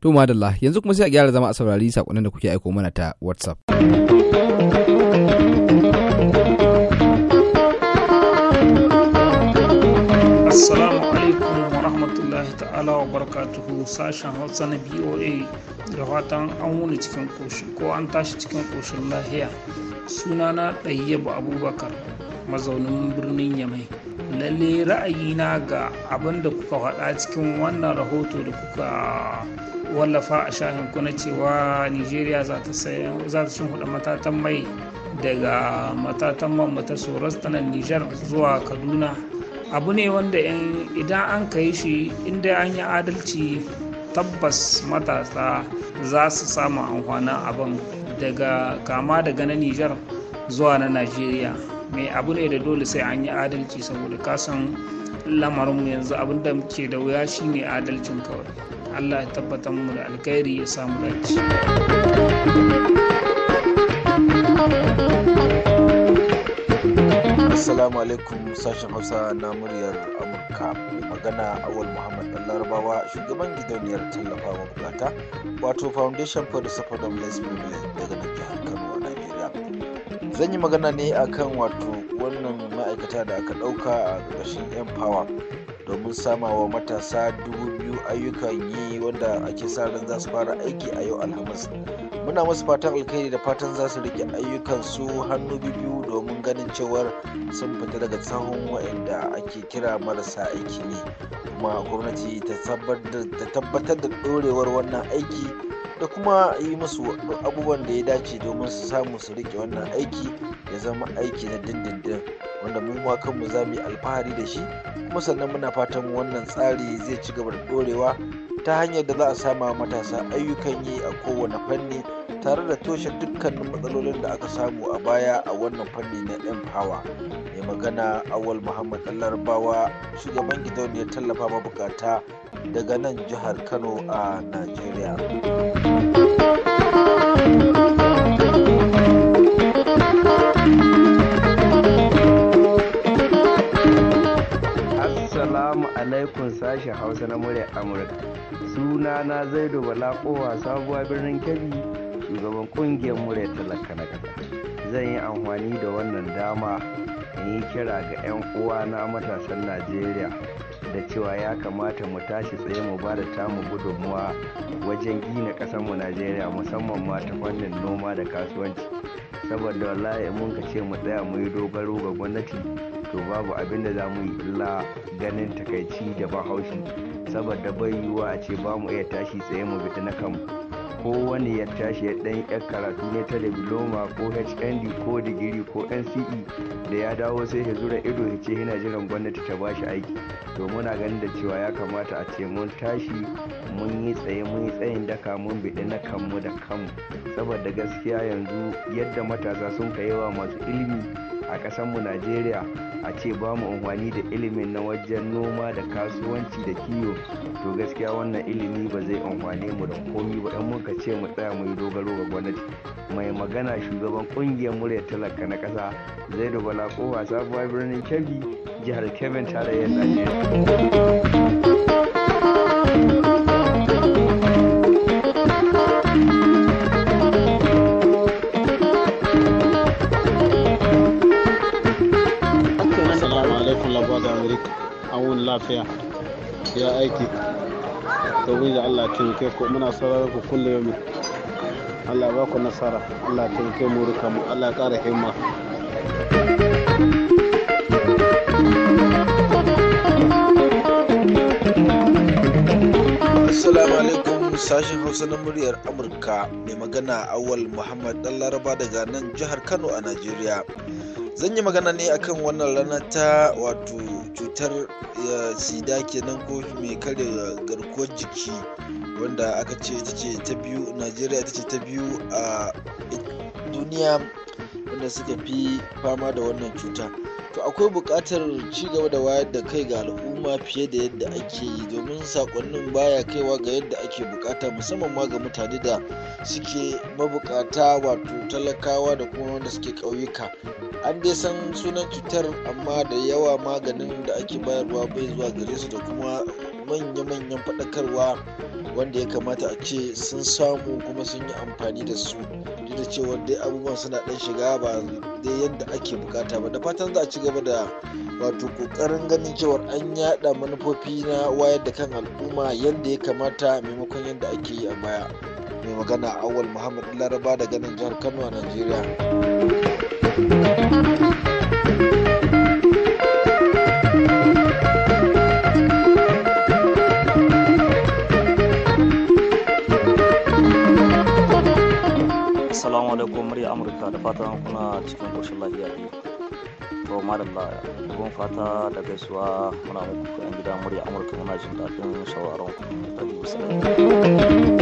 To madalla yanzu kuma sai a gyara zama a saurari sakonnin da kuke aiko mana ta WhatsApp. Assalamu alaikum wa rahmatullahi ta'ala wa barakatuhu sashen Hausa na BOA da fatan an wuni cikin koshi ko an tashi cikin koshin lahiya. sunana ɗayyabu abubakar mazaunin birnin yamai lalle na ga abinda kuka haɗa cikin wannan rahoto da kuka wallafa a shahinku na cewa nigeria za ta shimfiɗa matatan mai daga matatan man ta soros ta nan nijar zuwa kaduna abu ne wanda idan an ka yi shi inda an yi adalci tabbas matasa za su samu amfanin abin daga kama daga na nijar zuwa na najeriya mai abu ne da dole sai an yi adalci saboda kasan lamarinmu yanzu abin da muke da wuya shine adalcin kawai allah ya tabbatar mu da alkhairi ya samu dace Assalamu alaikum sashen Hausa na muryar Amurka mai magana Awal Muhammad Dan Larabawa shugaban gidauniyar tallafa wa bukata wato Foundation for the Support of Less Privileged daga nan jihar Kano a Najeriya. Zan yi magana ne akan wato wannan ma'aikata da aka ɗauka a ƙarshen Empower domin samawa matasa dubu biyu ayyukan yi wanda ake sa ran za su fara aiki a yau Alhamis muna masu fatan alkhairi da fatan za su rike su hannu biyu domin ganin cewar sun fita daga tsawon waɗanda ake kira marasa aiki ne kuma gwamnati ta tabbatar da dorewar wannan aiki da kuma yi musu abubuwan da ya dace domin su samu su rike wannan aiki ya zama aiki na dindindin wanda mu ma kanmu za mu yi alfahari da shi kuma sannan muna fatan wannan tsari zai ci gaba da ɗorewa ta hanyar da za a sama matasa ayyukan yi a kowane fanni tare da toshe dukkanin matsalolin da aka samu a baya a wannan fanni na empower mai magana awal muhammad larabawa shugaban gidauniyar tallafa bukata daga nan jihar kano a nigeria alaikun alaikum sashen Hausa na murya Amurka. Suna na zai Bala Kowa sabuwa birnin Kebbi shugaban kungiyar murya talaka na kasa zan yi amfani da wannan dama in yi kira ga 'yan uwa na matasan najeriya da cewa ya kamata mu tashi tsaye mu ba da tamu gudunmuwa wajen gina mu najeriya musamman ma ta fannin noma da kasuwanci saboda wallahi mun ka ce mu tsaya mu yi dogaro ga gwamnati to babu abin da za mu yi illa ganin takaici da bahaushe saboda bai yiwuwa a ce ba mu iya tashi tsaye mu bi na kanmu ko wani ya tashi ya ɗan yan karatu ne ta diploma ko hnd ko digiri ko nce da ya dawo sai ya zura ido ya ce yana jiran gwamnati ta bashi aiki to muna ganin da cewa ya kamata a ce mun tashi mun yi tsaye mun yi tsayin daka mun biɗi na kanmu da kanmu saboda gaskiya yanzu yadda matasa sun kai yawa masu ilimi a mu najeriya a ce ba mu amfani da ilimin na wajen noma da kasuwanci da kiwo to gaskiya wannan ilimi ba zai amfane mu da komi ba in muka ce mu tsaya mu yi dogaro ga gwamnati mai magana shugaban kungiyar muryar talaka na ƙasa zai bala kowa sabuwar birnin kebbi jihar kebbi tarayyar najeriya laba da amerika an wuni lafiya ya aiki domin da allah taimake ku muna sauraron ku kulle yau allah ba ku nasara allah taimake mu rika mu allah kara himma Assalamu alaikum sashen Hausa na muryar Amurka mai magana awal Muhammad dan Laraba daga nan jihar Kano a Najeriya. zan yi magana ne akan wannan rana ta wato cutar ya sida kenan ko mai kare garkuwar jiki wanda aka ce ta ce ta biyu najeriya ta ce ta biyu a duniya waɗanda suka fi fama da wannan cuta to akwai buƙatar cigaba da wayar da kai ga al'umma fiye da yadda ake yi domin sakonnin baya kaiwa ga yadda ake bukata musamman ma ga mutane da suke mabukata wato talakawa da kuma wanda suke ƙauyuka an dai san sunan cutar amma da yawa maganin da ake bayarwa bai zuwa gare su da kuma manya-manyan faɗakarwa wanda ya kamata a ce sun samu kuma sun yi amfani da su duk da cewa dai abubuwan suna ɗan shiga ba dai yadda ake bukata ba da fatan za a ci gaba da wato ƙoƙarin ganin cewar an yada manufofi na wayar da kan al'umma yadda ya kamata maimakon yadda ake yi a baya mai magana awal muhammad laraba daga nan jihar kano a najeriya amurka da fatan kuna cikin ƙoshin lafiya to madalla gun fata da gaisuwa muna muku yan gida murya amurka muna jin daɗin sauraron ku da